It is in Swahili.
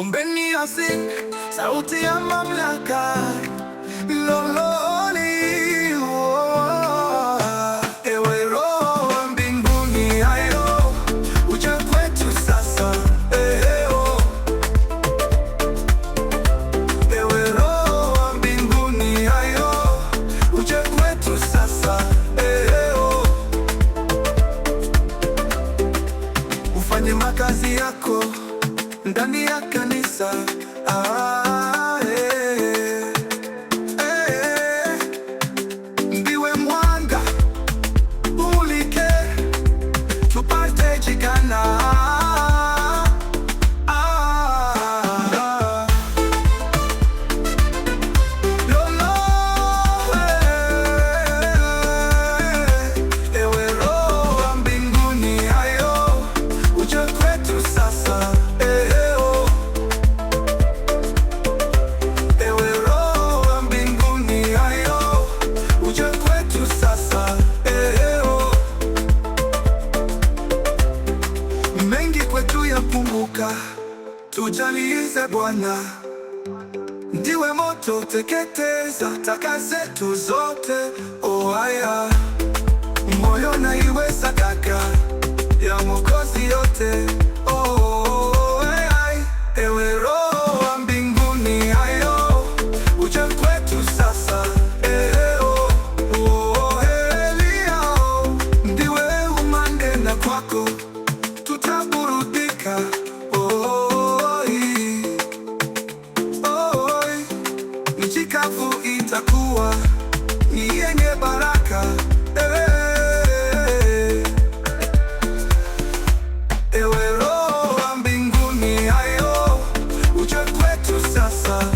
Ombeni asi sauti ya mamlaka lololi oh. sasa oh. mbinguni sasa oh. Ufanye makazi yako ndani ya kanisa ah. Tujalize Bwana, ndiwe moto, teketeza taka zetu zote. Oaya oh, moyo na iwe sadaka ya Mwokozi yote. Oh, wa mbinguni, hayo sasa. Oh, oh, kwako kavu itakuwa ni yenye baraka. Ewe, ewe Roho wa mbinguni, hayo uje kwetu sasa.